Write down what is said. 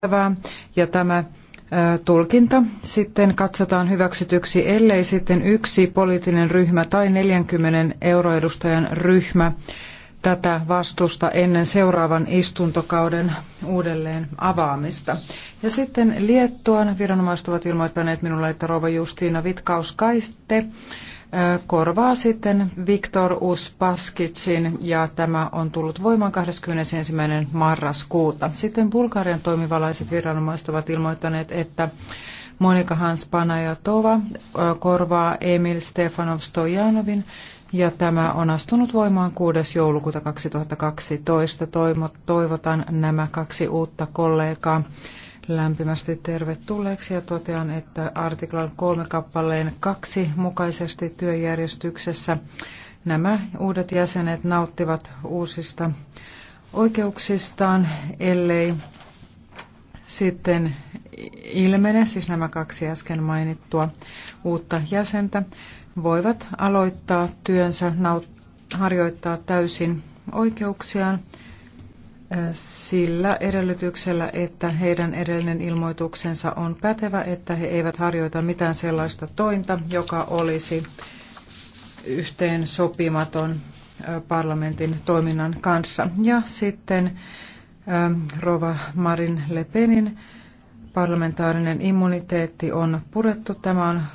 tehtävää ja tämä tulkinta sitten katsotaan hyväksytyksi, ellei sitten yksi poliittinen ryhmä tai 40 euroedustajan ryhmä tätä vastusta ennen seuraavan istuntokauden uudelleen avaamista. Ja sitten Liettuan viranomaiset ovat ilmoittaneet minulle, että rouva Justiina vitkauskaiste korvaa sitten Viktor Uspaskicin ja tämä on tullut voimaan 21. marraskuuta. Sitten Bulgarian toimivalaiset viranomaiset ovat ilmoittaneet, että Monika Hans Panajatova korvaa Emil Stefanov Stojanovin ja tämä on astunut voimaan 6. joulukuuta 2012. Toivotan nämä kaksi uutta kollegaa lämpimästi tervetulleeksi ja totean, että artiklan kolme kappaleen kaksi mukaisesti työjärjestyksessä nämä uudet jäsenet nauttivat uusista oikeuksistaan, ellei sitten ilmene, siis nämä kaksi äsken mainittua uutta jäsentä, voivat aloittaa työnsä, naut- harjoittaa täysin oikeuksiaan sillä edellytyksellä, että heidän edellinen ilmoituksensa on pätevä, että he eivät harjoita mitään sellaista tointa, joka olisi yhteen sopimaton parlamentin toiminnan kanssa. Ja sitten Rova Marin Le Penin parlamentaarinen immuniteetti on purettu. Tämä on